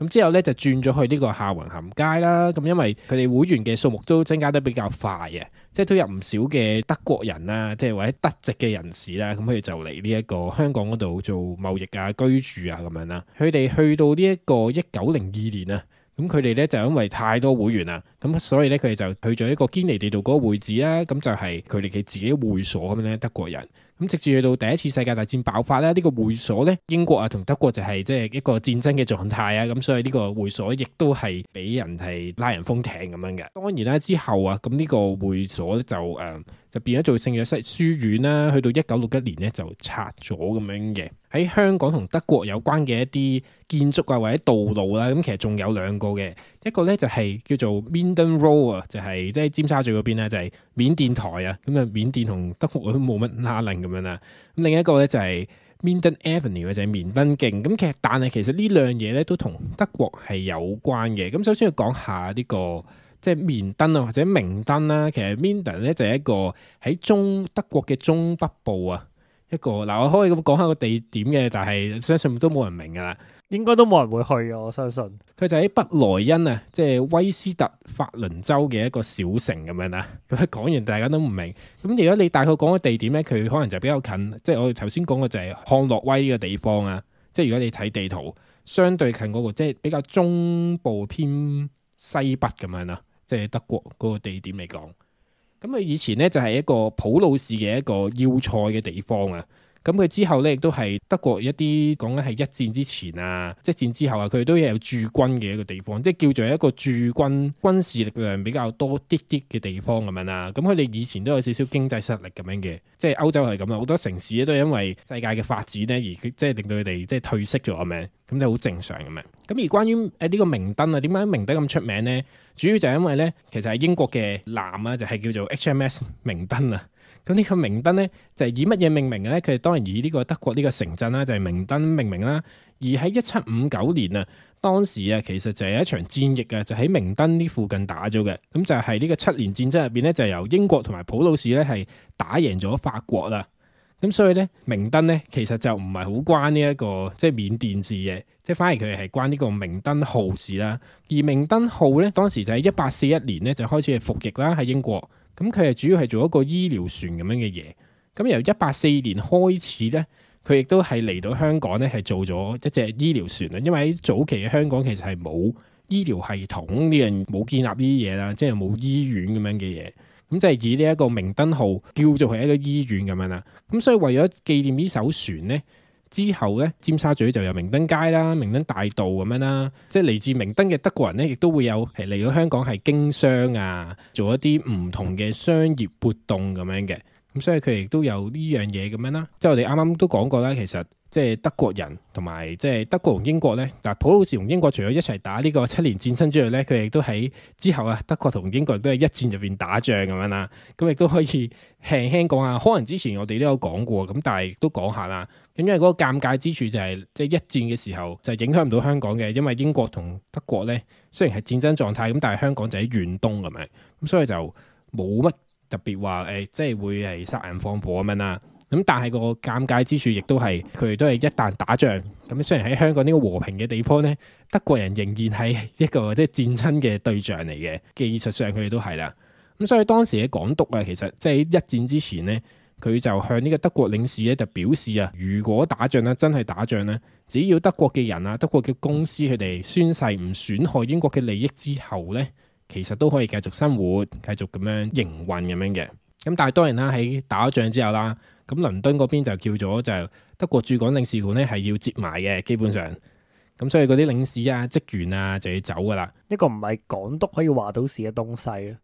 咁之後咧就轉咗去呢個下雲咸街啦，咁因為佢哋會員嘅數目都增加得比較快嘅，即係都有唔少嘅德國人啦，即係或者德籍嘅人士啦，咁佢哋就嚟呢一個香港嗰度做貿易啊、居住啊咁樣啦。佢哋去到呢一個一九零二年啊，咁佢哋咧就因為太多會員啦，咁所以咧佢哋就去咗一個堅尼地道嗰個會址啦，咁就係佢哋嘅自己會所咁樣咧，德國人。咁直至去到第一次世界大戰爆發咧，呢、這個會所咧，英國啊同德國就係即係一個戰爭嘅狀態啊，咁所以呢個會所亦都係俾人係拉人封艇咁樣嘅。當然啦，之後啊，咁呢個會所就誒。呃就變咗做聖約瑟書院啦，去到一九六一年咧就拆咗咁樣嘅。喺香港同德國有關嘅一啲建築啊或者道路啦，咁其實仲有兩個嘅，一個咧就係叫做 Minden Row 啊，就係即係尖沙咀嗰邊咧就係緬甸台啊，咁啊緬甸同德國都冇乜拉褦咁樣啦。咁另一個咧就係 Minden Avenue 啊，就係棉登徑。咁其實但係其實呢兩嘢咧都同德國係有關嘅。咁首先要講下呢個。即係面燈啊，或者明燈啦、啊。其實 Minden 咧就係、是、一個喺中德國嘅中北部啊，一個嗱，我可以咁講下一個地點嘅，但係相信都冇人明噶啦，應該都冇人會去嘅，我相信。佢就喺北萊茵啊，即係威斯特法倫州嘅一個小城咁樣啦、啊。咁講完大家都唔明。咁如果你大概講個地點咧，佢可能就比較近，即係我哋頭先講嘅就係漢諾威呢個地方啊。即係如果你睇地圖，相對近嗰、那個即係比較中部偏西北咁樣啦、啊。即係德國嗰個地點嚟講，咁佢以前呢就係一個普魯士嘅一個要塞嘅地方啊。咁佢之後咧，亦都係德國一啲講緊係一戰之前啊，一戰之後啊，佢都有駐軍嘅一個地方，即係叫做一個駐軍軍事力量比較多啲啲嘅地方咁樣啦。咁佢哋以前都有少少經濟實力咁樣嘅，即係歐洲係咁啊。好多城市咧、啊、都係因為世界嘅發展咧而即係令到佢哋即係退色咗咁樣，咁就好正常咁、啊、樣。咁而關於誒呢個明燈啊，點解明燈咁出名咧？主要就係因為咧，其實英國嘅南啊，就係、是、叫做 H M S 明燈啊。咁呢個明登咧就係、是、以乜嘢命名嘅咧？佢哋當然以呢個德國呢個城鎮啦、啊，就係、是、明登命名啦。而喺一七五九年啊，當時啊其實就係一場戰役嘅、啊，就喺、是、明登呢附近打咗嘅。咁就係呢個七年戰爭入邊咧，就是、由英國同埋普魯士咧係打贏咗法國啦。咁所以咧，明登咧其實就唔係好關呢一、這個即係緬甸事嘅，即係反而佢係關呢個明登號事啦。而明登號咧，當時就喺一八四一年咧就開始係服役啦喺英國。咁佢係主要係做一個醫療船咁樣嘅嘢，咁由一八四年開始咧，佢亦都係嚟到香港咧，係做咗一隻醫療船啦。因為喺早期嘅香港其實係冇醫療系統，呢樣冇建立呢啲嘢啦，即係冇醫院咁樣嘅嘢，咁即係以呢一個明燈號叫做係一個醫院咁樣啦。咁所以為咗紀念呢艘船咧，之後咧，尖沙咀就有明燈街啦、明燈大道咁樣啦，即係嚟自明燈嘅德國人咧，亦都會有嚟到香港係經商啊，做一啲唔同嘅商業活動咁樣嘅，咁所以佢亦都有呢樣嘢咁樣啦。即係我哋啱啱都講過啦，其實。即係德國人同埋即係德國同英國咧，但係普魯士同英國除咗一齊打呢個七年戰爭之外咧，佢哋都喺之後啊，德國同英國都係一戰入邊打仗咁樣啦。咁亦都可以輕輕講下，可能之前我哋都有講過，咁但係都講下啦。咁因為嗰個尷尬之處就係，即係一戰嘅時候就影響唔到香港嘅，因為英國同德國咧雖然係戰爭狀態，咁但係香港就喺遠東咁樣，咁所以就冇乜特別話誒，即係會係殺人放火咁樣啦。咁但係個尷尬之處，亦都係佢哋都係一旦打仗，咁雖然喺香港呢個和平嘅地方呢，德國人仍然係一個即係、就是、戰爭嘅對象嚟嘅，技術上佢哋都係啦。咁所以當時喺港督啊，其實即係一戰之前呢，佢就向呢個德國領事咧就表示啊，如果打仗咧真係打仗咧，只要德國嘅人啊、德國嘅公司佢哋宣誓唔損害英國嘅利益之後呢，其實都可以繼續生活、繼續咁樣營運咁樣嘅。咁但係當然啦，喺打仗之後啦。咁，倫敦嗰邊就叫咗就德國駐港領事館咧，係要接埋嘅，基本上。咁所以嗰啲領事啊、職員啊就要走噶啦。呢個唔係港督可以話到的事嘅東西咯。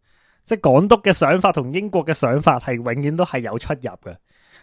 即係港督嘅想法同英國嘅想法係永遠都係有出入嘅。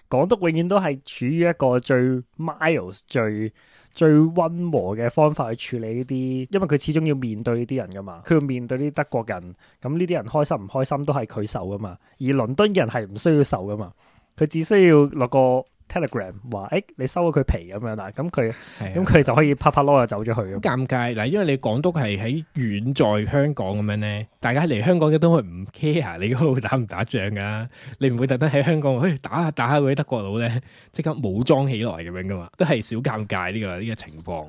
港督永遠都係處於一個最 mild、最最溫和嘅方法去處理呢啲，因為佢始終要面對呢啲人噶嘛。佢要面對啲德國人，咁呢啲人開心唔開心都係佢受噶嘛。而倫敦嘅人係唔需要受噶嘛。佢只需要落個 Telegram 話，誒、哎、你收咗佢皮咁樣啦，咁佢咁佢就可以啪啪落就走咗去了。好尷尬嗱，因為你港督係喺遠在香港咁樣咧，大家嚟香港嘅都係唔 care 你嗰度打唔打仗噶，你唔會特登喺香港，誒打下打下嗰啲德國佬咧，即刻武裝起來咁樣噶嘛，都係小尷尬呢、這個呢、這個情況。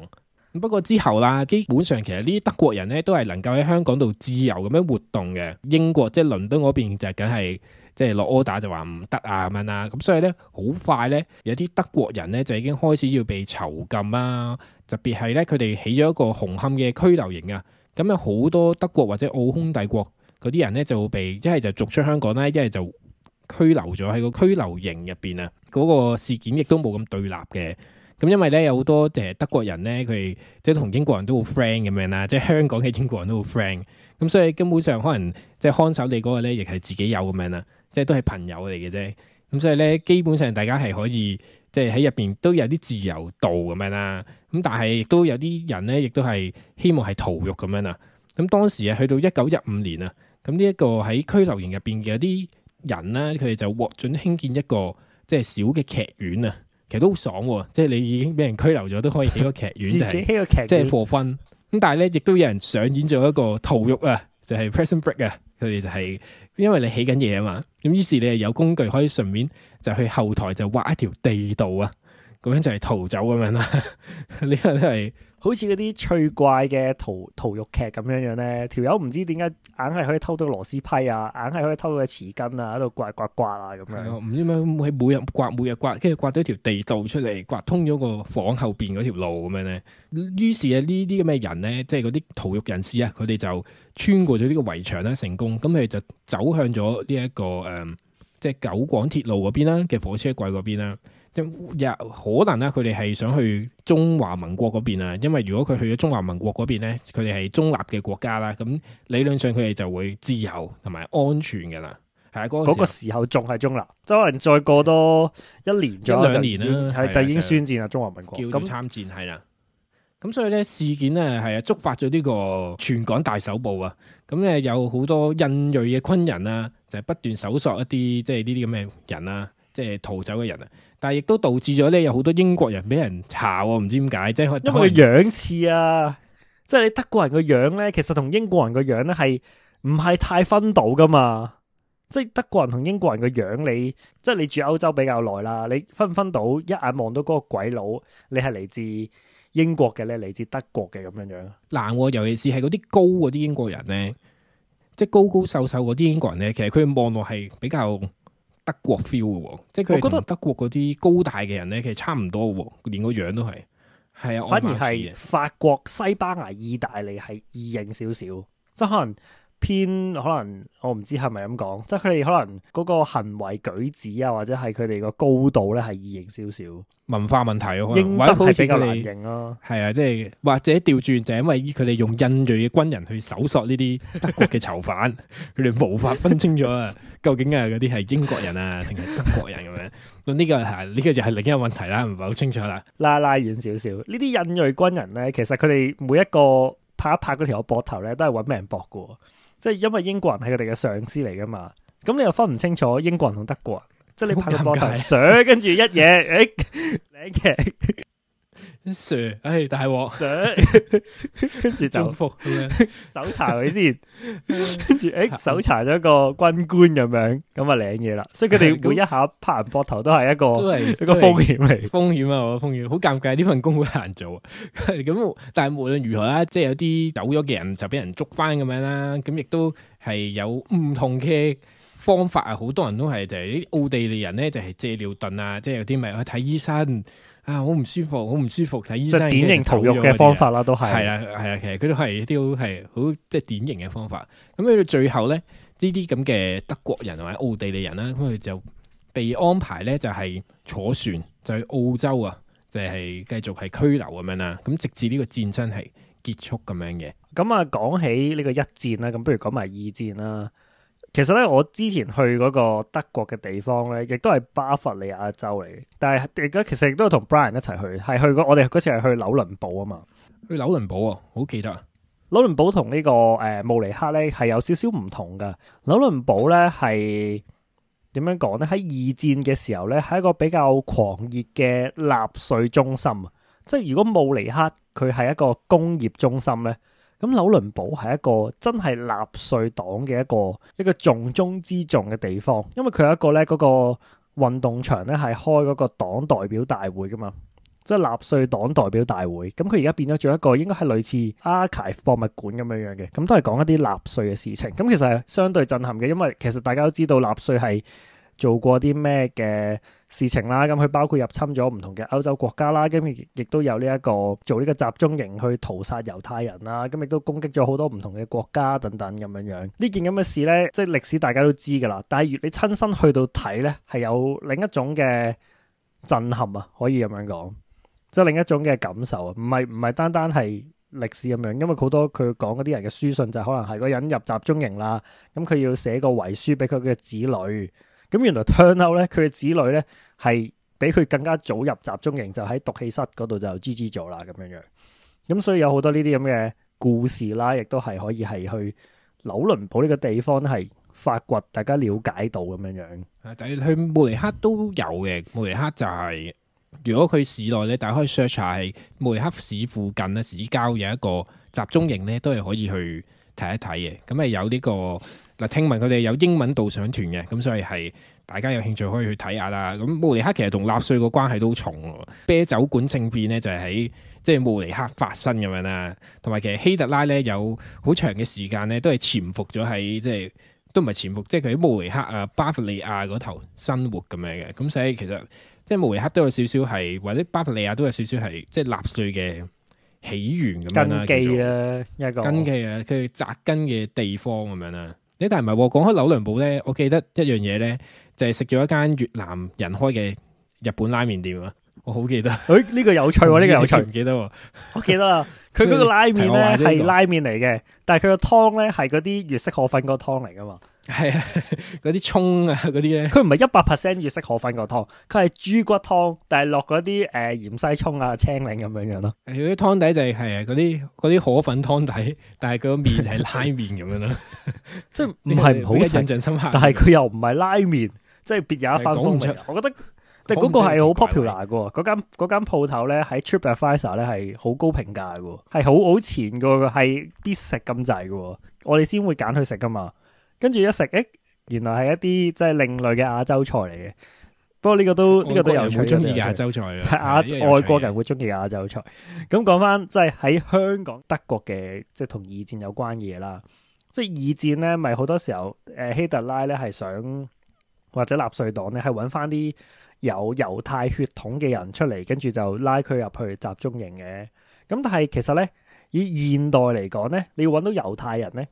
不過之後啦，基本上其實呢啲德國人咧都係能夠喺香港度自由咁樣活動嘅，英國即係、就是、倫敦嗰邊就係緊係。即係落 order 就話唔得啊咁樣啦，咁所以咧好快咧有啲德國人咧就已經開始要被囚禁啦、啊，特別係咧佢哋起咗一個紅磡嘅拘留營啊，咁有好多德國或者奧匈帝國嗰啲人咧就會被一係就逐出香港啦，一係就拘留咗喺個拘留營入邊啊。嗰、那個事件亦都冇咁對立嘅，咁、嗯、因為咧有好多誒德國人咧佢哋即係同英國人都好 friend 咁樣啦，即係香港嘅英國人都好 friend，咁、啊嗯、所以根本上可能即係看守你嗰個咧亦係自己有咁樣啦、啊。即係都係朋友嚟嘅啫，咁所以咧，基本上大家係可以即係喺入邊都有啲自由度咁樣啦。咁但係亦都有啲人咧，亦都係希望係逃獄咁樣啊。咁當時啊，去到一九一五年啊，咁呢一個喺拘留營入邊有啲人咧，佢哋就獲准興建一個即係、就是、小嘅劇院啊。其實都好爽喎、啊，即係你已經俾人拘留咗，都可以起個、就是、 個劇院，即係 for fun。咁但係咧，亦都有人上演咗一個逃獄啊，就係、是、prison break 啊，佢哋就係、是。因為你起緊嘢啊嘛，咁於是你係有工具可以順便就去後台就挖一條地道啊，咁樣就係逃走咁樣啦，呢個都係。好似嗰啲趣怪嘅逃逃獄劇咁樣樣咧，條友唔知點解硬係可以偷到螺絲批啊，硬係可以偷到個匙羹啊，喺度刮刮刮啊咁樣，唔知點解每每日刮每日刮，跟住刮，刮，刮到條地道出嚟，刮通咗個房後邊嗰條路咁樣咧。於是啊，呢啲咁嘅人咧，即係嗰啲逃獄人士啊，佢哋就穿過咗呢個圍牆啦，成功。咁佢哋就走向咗呢一個誒，即、呃、係、即係、九廣鐵路嗰邊啦嘅火車軌嗰邊啦。有可能啦，佢哋係想去中華民國嗰邊啊，因為如果佢去咗中華民國嗰邊咧，佢哋係中立嘅國家啦，咁理論上佢哋就會自由同埋安全嘅啦。係啊，嗰、嗰個時候仲係中立，即係可能再過多一年，咗兩年啦，就已經宣戰啦，的中華民國咁參戰係啦。咁那所以咧事件咧係啊，觸發咗呢個全港大搜捕啊，咁咧有好多印裔嘅昆人啊，就係、是、不斷搜索一啲即係呢啲咁嘅人啊。即係逃走嘅人啊，但係亦都導致咗咧，有好多英國人俾人查喎，唔知點解，即係因為佢樣似啊，即係你德國人個樣咧，其實同英國人個樣咧係唔係太分到噶嘛？即係德國人同英國人個樣，你即係你住歐洲比較耐啦，你分唔分到一眼望到嗰個鬼佬，你係嚟自英國嘅咧，嚟自，自德國嘅咁樣樣難喎，尤其是係嗰啲高嗰啲英國人咧，嗯、即係高高瘦瘦嗰啲英國人咧，其實佢望落係比較德國 feel 嘅喎，即係佢覺得德國嗰啲高大嘅人咧，其實差唔多喎，連個樣都係。係啊，反而係法國、西班牙、意大利係異形少少，即係可能。偏可能我唔知係咪咁講，即係佢哋可能嗰個行為舉止啊，或者係佢哋個高度咧係異形少少，文化問題、啊、可能揾英德 好似比較難認咯。係啊，即係、啊就係、或者調轉就係因為佢哋用印裔嘅軍人去搜索呢啲德國嘅囚犯，佢哋 無法分清楚啊， 究竟啊嗰啲係英國人啊定係德國人咁、啊、樣。咁呢、 這個係呢、這個就係另一個問題啦、啊，唔係好清楚啦，拉拉遠少少。呢啲印裔軍人咧，其實佢哋每一個拍一拍嗰條膊頭咧，都係揾命搏嘅即係因為英國人係佢哋嘅上司嚟噶嘛，咁你又分唔清楚英國人同德國人，即係你拍個膊頭相，跟住一嘢，誒， 靚、哎、嘅。 蛇，Sir, 哎，大鑊，蛇 Sir, 走，跟住就中伏咁樣，搜 查佢先，跟住 後，哎，搜查咗個軍官咁樣，咁啊領嘢啦。所以佢哋每一下拍人膊頭都係一個一個風險嚟，風險啊，風險。好尷尬，呢 份工好難做啊。咁 但係無論如何啊，即係有啲走咗嘅人就俾人捉翻咁樣啦。咁亦都係有唔同嘅方法啊。好多人都係就係啲奧地利人咧，就係借尿遁啊，即係有啲咪去睇醫生。啊！好唔舒服，好唔舒服，睇醫生。典型逃獄嘅方法啦，啊，都係。係啊，係啊，啊，其實佢都係一啲好好即係典型嘅方法。咁去到最後咧，呢啲咁嘅德國人同埋奧地利人啦，咁佢就被安排咧就係坐船就去澳洲啊，就係、是、繼續係拘留咁樣啦、啊。咁直至呢個戰爭係結束咁樣嘅。咁啊，講起呢個一戰啦，咁不如講埋二戰啦。其實咧，我之前去嗰個德國嘅地方咧，亦都係巴伐利亞州嚟。但係亦都其實亦都係同 Brian 一齊去，係去過我哋嗰次係去紐倫堡啊嘛。去紐倫堡啊，好記得啊！紐倫堡同呢個誒慕尼黑咧係有少少唔同嘅。紐倫堡咧係點樣講咧？喺二戰嘅時候咧，係一個比較狂熱嘅納粹中心。即係如果慕尼黑佢係一個工業中心咧。咁紐倫堡係一個真係納粹黨嘅一個一個重中之重嘅地方，因為佢有一個咧嗰個運動場咧係開嗰個黨代表大會噶嘛，即係納粹黨代表大會。咁佢而家變咗做一個應該係類似 archive 博物館咁樣樣嘅，咁都係講一啲納粹嘅事情。咁其實係相對震撼嘅，因為其實大家都知道納粹係做過啲咩嘅事情啦，咁佢包括入侵咗唔同嘅歐洲國家啦，咁亦都有呢、這、一個做呢個集中營去屠殺猶太人啦，咁亦都攻擊咗好多唔同嘅國家等等咁樣樣。呢件咁嘅事呢，即係歷史大家都知噶啦。但係如你親身去到睇呢，係有另一種嘅震撼啊，可以咁樣講，即係另一種嘅感受啊，唔係唔係單單係歷史咁樣，因為好多佢講嗰啲人嘅書信就可能係嗰人入集中營啦，咁佢要寫個遺書俾佢嘅子女。咁原來 turn out 咧，佢嘅子女咧係比佢更加早入集中營，就喺毒氣室嗰度就支支咗啦咁樣樣。咁所以有好多呢啲咁嘅故事啦，亦都係可以係去紐倫堡呢個地方係發掘，大家了解到咁樣樣。誒，去慕尼黑都有嘅，慕尼黑就係、是、如果佢市內咧，大家 search 下係慕尼黑市附近咧，市郊有一個集中營咧，都係可以去睇一睇嘅。咁係有呢、這個。嗱，聽聞佢哋有英文導賞團嘅，咁所以係大家有興趣可以去睇下啦。咁慕尼黑其實同納粹個關係都重喎。啤酒館政變呢就係、是、喺即係慕尼黑發生咁樣啦。同埋其實希特拉咧有好長嘅時間咧都係潛伏咗喺即係都唔係潛伏，即係佢喺慕尼黑啊巴伐利亞嗰頭生活咁樣嘅。咁所以其實即係慕尼黑都有少少係或者巴伐利亞都有少少係即係納粹嘅起源咁樣啦，根基叫做根基啦，一個根基啊，佢扎根嘅地方咁樣啦。你但係唔係喎？講開紐倫堡咧，我記得一樣嘢咧，就係食咗一間越南人開嘅日本拉麵店啊！我好記得。誒、哎、呢、這個有趣喎、啊，呢個有趣，唔記得。 我記得啦，佢嗰、 這個拉麵咧係拉麵嚟嘅，但係佢個湯咧係嗰啲越式河粉個湯嚟噶嘛。係啊，嗰啲蔥啊，嗰啲咧，佢唔係一百 percent 粵式河粉個湯，佢係豬骨湯，但係落嗰啲誒芫茜蔥啊、青檸咁樣樣咯。誒、哎，啲湯底就係係嗰啲啲河粉湯底，但係個麵係拉麵咁樣咯 。即係唔係唔好印象深刻。但係佢又唔係拉麵，即係別有一番風味。我覺得，但係嗰個係好 popular 個，嗰間嗰間鋪頭咧喺 TripAdvisor 咧係好高評價嘅，係好好錢嘅，係必食咁滯嘅，我哋先會揀去食噶嘛。跟住一食，誒，原來係一啲即係另類嘅亞洲菜嚟嘅。不過呢個都呢個都有中意亞洲菜嘅，係亞是外國人會中意亞洲菜。咁講翻即係喺香港德國嘅，即係同二戰有關嘢啦。即係二戰咧，咪好多時候，誒，希特拉咧係想或者納粹黨咧係搵翻啲有猶太血統嘅人出嚟，跟住就拉佢入去集中營嘅。咁但係其實咧，以現代嚟講咧，你要搵到猶太人咧，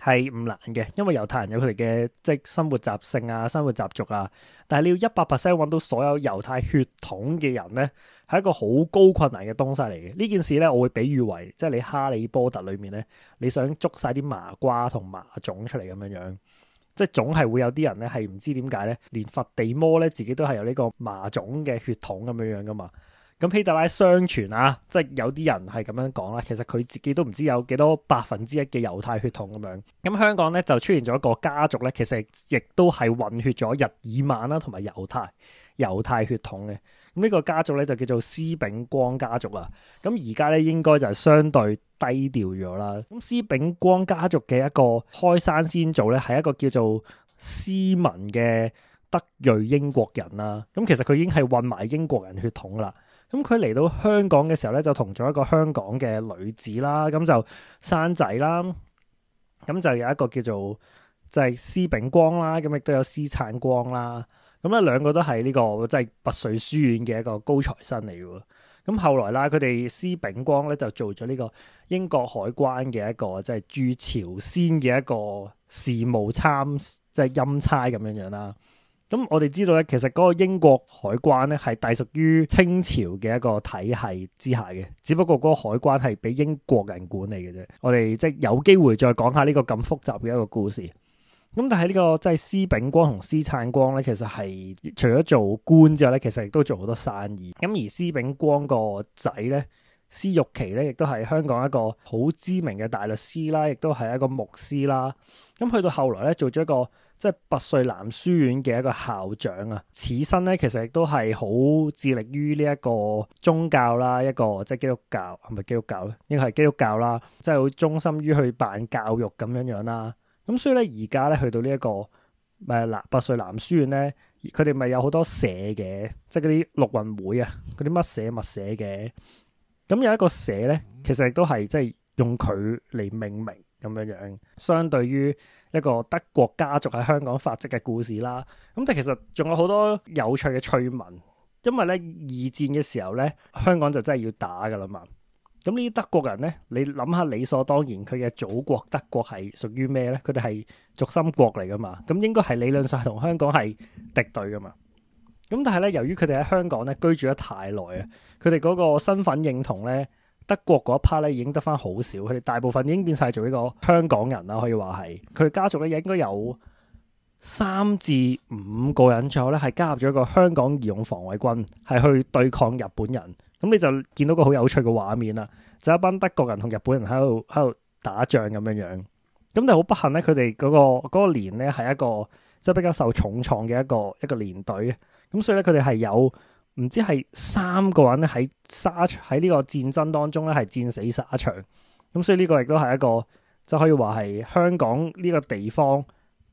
係唔難嘅，因為猶太人有佢哋嘅即係生活習性啊、生活習俗啊。但係你要一百 percent 揾到所有猶太血統嘅人咧，係一個好高困難嘅東西嚟嘅。呢件事咧，我會比喻為即係你哈利波特裏面咧，你想捉晒啲麻瓜同麻種出嚟咁樣樣，即係總係會有啲人咧係唔知點解咧，連佛地魔咧自己都係有呢個麻種嘅血統咁樣樣噶嘛。咁希特拉相傳啊，即係有啲人係咁樣講啦。其實佢自己都唔知有幾多百分之一嘅猶太血統咁樣。咁香港咧就出現咗一個家族咧，其實亦都係混血咗日耳曼啦同埋猶太猶太血統嘅。咁、這、呢個家族咧就叫做施炳光家族啦。咁而家咧應該就係相對低調咗啦。咁施炳光家族嘅一個開山先祖咧係一個叫做斯文嘅德裔英國人啦。咁其實佢已經係混埋英國人血統啦。咁佢嚟到香港嘅時候咧，就同咗一個香港嘅女子啦，咁就生仔啦，咁就有一個叫做就係施炳光啦，咁亦都有施燦光啦，咁咧兩個都係呢個即係拔萃書院嘅一個高材生嚟嘅，咁後來啦，佢哋施炳光咧就做咗呢個英國海關嘅一個即係駐朝鮮嘅一個事務參即係欽差咁樣樣啦。咁我哋知道咧，其實嗰個英國海關咧係隸屬於清朝嘅一個體系之下嘅，只不過嗰個海關係俾英國人管理嘅啫。我哋即係有機會再講下呢個咁複雜嘅一個故事。咁但係呢個即係施炳光同施燦光咧，其實係除咗做官之外咧，其實亦都做好多生意。咁而施炳光個仔咧，施玉琪咧，亦都係香港一個好知名嘅大律師啦，亦都係一個牧師啦。咁去到後來咧，做咗一個。即係拔萃男書院嘅一個校長啊，此生咧其實亦都係好致力於呢一個宗教啦，一個即係基督教係咪基督教咧？應該係基督教啦，即係好忠心於去辦教育咁樣樣啦。咁所以咧，而家咧去到呢、這、一個誒拔萃男書院咧，佢哋咪有好多社嘅，即係嗰啲陸運會啊，嗰啲乜社乜社嘅。咁有一個社咧，其實亦都係即係用佢嚟命名咁樣樣，相對於。一個德國家族喺香港發跡嘅故事啦，咁但係其實仲有好多有趣嘅趣聞，因為咧二戰嘅時候咧，香港就真係要打噶啦嘛。咁呢啲德國人咧，你諗下理所當然，佢嘅祖國德國係屬於咩咧？佢哋係軸心國嚟噶嘛。咁應該係理論上同香港係敵對噶嘛。咁但係咧，由於佢哋喺香港咧居住得太耐啊，佢哋嗰個身份認同咧。德國嗰一 part 咧已經得翻好少，佢哋大部分已經變晒做呢個香港人啦，可以話係佢哋家族咧應該有三至五個人左右咧係加入咗一個香港義勇防衛軍，係去對抗日本人。咁你就見到個好有趣嘅畫面啦，就是、一班德國人同日本人喺度喺度打仗咁樣樣。咁但係好不幸咧，佢哋嗰個嗰、嗰個連咧係一個即係比較受重創嘅一個一個連隊，咁所以咧佢哋係有。唔知係三個人喺沙喺呢個戰爭當中咧係戰死沙場，咁所以呢個亦都係一個就可以話係香港呢個地方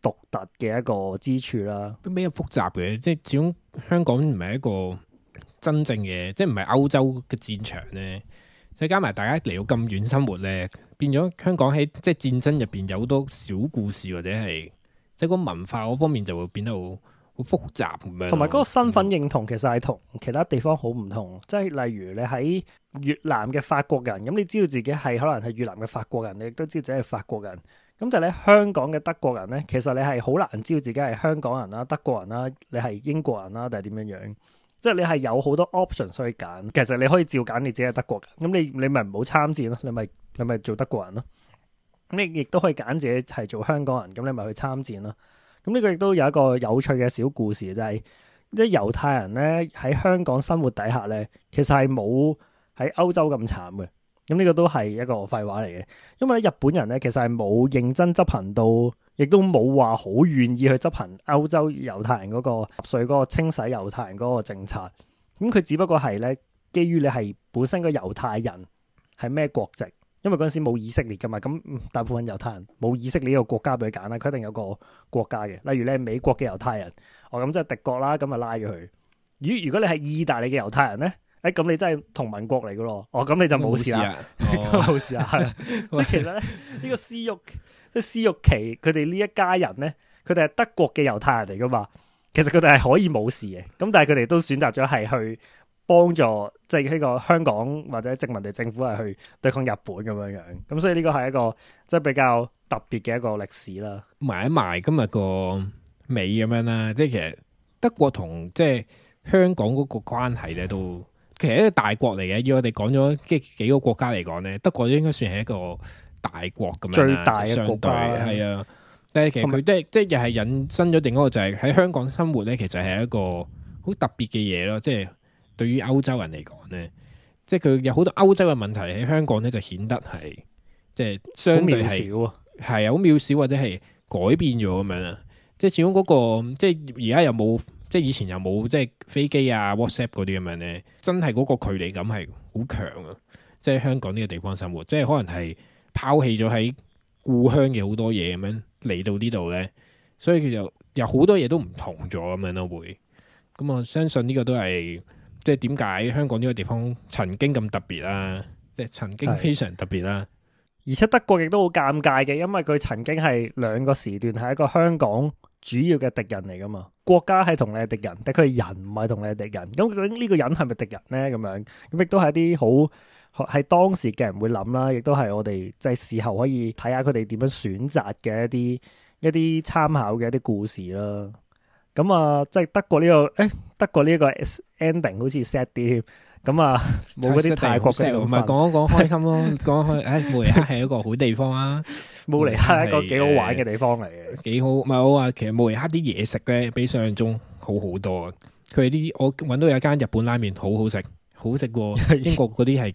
獨特嘅一個之處啦。都比較複雜嘅，即係始終香港唔係一個真正嘅，即係唔係歐洲嘅戰場咧。再加埋大家嚟到咁遠生活咧，變咗香港喺即係戰爭入邊有好多小故事或者係即係個文化嗰方面就會變得好。複雜同埋嗰個身份認同其實係同其他地方好唔同，即係例如你喺越南嘅法國人，咁你知道自己係可能係越南嘅法國人，你亦都知道自己係法國人。咁就係咧香港嘅德國人咧，其實你係好難知道自己係香港人啦、德國人啦、你係英國人啦，定係點樣樣？即係你係有好多 option 可以揀，其實你可以照揀你自己係德國人。咁你你咪唔好參戰咯，你咪你咪做德國人咯。咁你亦都可以揀自己係做香港人，咁你咪去參戰咯。咁呢個亦都有一個有趣嘅小故事，就係啲猶太人咧喺香港生活底下咧，其實係冇喺歐洲咁慘嘅。咁、這、呢個都係一個廢話嚟嘅，因為咧日本人咧其實係冇認真執行到，亦都冇話好願意去執行歐洲猶太人嗰、那個納粹嗰個清洗猶太人嗰個政策。咁佢只不過係咧基於你係本身個猶太人係咩國籍。因為嗰陣時冇以色列噶嘛，咁大部分猶太人冇以色列呢個國家俾佢揀啦，佢一定有個國家嘅。例如你係美國嘅猶太人，哦咁即係敵國啦，咁咪拉咗佢。如如果你係意大利嘅猶太人咧，誒、哎、咁你真係同盟國嚟噶咯，哦咁你就冇事啦，冇事啊，係、哦。即係、 哦、 其實咧呢、呢個施玉即係施玉麒，佢哋呢一家人咧，佢哋係德國嘅猶太人嚟噶嘛，其實佢哋係可以冇事嘅，咁但係佢哋都選擇咗係去。幫助即係呢個香港或者殖民地政府係去對抗日本咁樣樣，咁所以呢個係一個即係比較特別嘅一個歷史啦。埋一埋今日個尾咁樣啦、啊，即係其實德國同即係香港嗰個關係咧，都其實一個大國嚟嘅。以我哋講咗幾幾個國家嚟講咧，德國應該算係一個大國咁樣、啊、最大嘅國家係啊對的。但係其實佢都還有 即係又係引申咗另一個就係、是、喺香港生活咧，其實係一個好特別嘅嘢咯，即係。對於歐洲人嚟講呢，即係佢有好多歐洲嘅問題喺香港呢，就顯得係即係相對少啊，係啊，好渺小，或者係改變咗咁樣啦。即係始終嗰個即係而家又冇，即係以前又冇即係飛機啊、WhatsApp 嗰啲咁樣呢，真係嗰個距離感係好強啊！即係香港呢個地方生活，即係可能係拋棄咗喺故鄉嘅好多嘢咁樣嚟到呢度呢。所以佢就有好多嘢都唔同咗咁樣咯，會咁我相信呢個都係。即係點解香港呢個地方曾經咁特別啦，啊？即係曾經非常特別啦，啊。而且德國亦都好尷尬嘅，因為佢曾經係兩個時段係一個香港主要嘅敵人嚟噶嘛。國家係同你係敵人，但佢係人唔係同你係敵人。咁究竟呢個人係咪敵人咧？咁樣咁亦都係一啲好係當時嘅人會諗啦，亦都係我哋即係事後可以睇下佢哋點樣選擇嘅一啲一啲參考嘅一啲故事啦。咁啊，即、就、係、是、德國呢、呢個誒、欸，德國呢一個。ending 好似 sad 啲咁啊，冇嗰啲泰國嘅唔埋講一講開心咯，講 開誒，慕尼黑係一個好地方啊， 慕尼黑係一個幾好玩嘅地方嚟、啊、嘅，幾 好、啊。唔係我話其實慕尼黑啲嘢食咧，比想象中好好多啊。佢哋啲我揾到有一間日本拉麵好好食，好食過、哦、 英國嗰啲係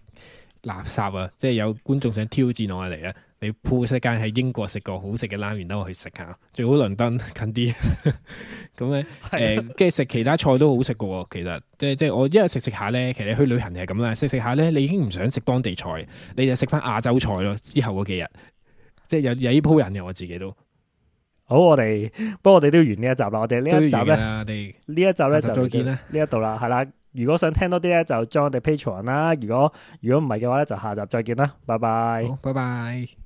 垃圾啊！即、就、係、是、有觀眾想挑戰我嚟啊！鋪世界喺英國食個好食嘅拉麵，等我去食下，最好倫敦近啲。咁 咧呢，誒、 嗯，跟住食其他菜都好食嘅喎。其實即係即係我一日食食下咧，其實去旅行係咁啦，食食下咧，你已經唔想食當地菜，你就食翻亞洲菜咯。之後嗰幾日，即係有有呢鋪人嘅，我自己都好。我哋不過我哋都要完呢一集啦，我哋呢一集咧，呢一集咧就再見啦，呢一度啦，係啦。如果想聽多啲咧，就 join 我哋 Patreon 啦。如果如果唔係嘅話咧，就下集再見啦，拜拜，拜拜。Bye bye bye